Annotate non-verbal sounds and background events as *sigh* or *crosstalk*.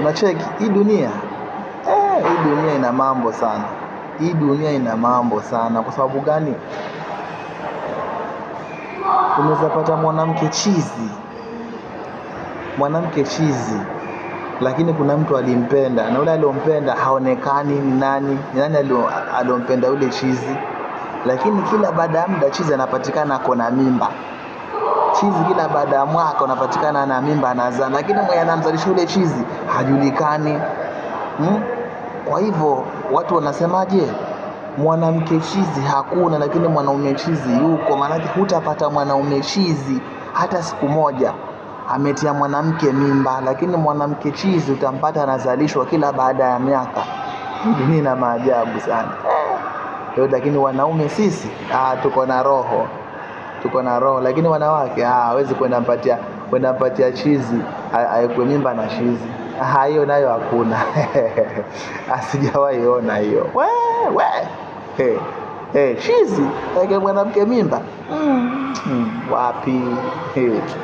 Unacheki hii dunia eh, hii dunia ina mambo sana, hii dunia ina mambo sana. Kwa sababu gani? Unaweza pata mwanamke chizi, mwanamke chizi, lakini kuna mtu alimpenda, na yule aliompenda haonekani ni nani, ni nani aliompenda yule chizi, lakini kila baada ya muda chizi anapatikana ako na mimba chizi kila baada ya mwaka unapatikana na mimba anazaa, lakini mwenye anamzalisha ule chizi hajulikani hmm? Kwa hivyo watu wanasemaje? Mwanamke chizi hakuna, lakini mwanaume chizi yuko. Maanake hutapata mwanaume chizi hata siku moja ametia mwanamke mimba, lakini mwanamke chizi utampata anazalishwa kila baada ya miaka. Dunia na maajabu sana. Lakini wanaume sisi ah, tuko na roho tuko na roho, lakini wanawake ah, hawezi kwenda mpatia kwenda mpatia chizi aekwe mimba na chizi, ah, hiyo nayo hakuna *laughs* asijawahi ona hiyo. We we hey, hey, chizi aeke mwanamke mimba mm, mm wapi hey.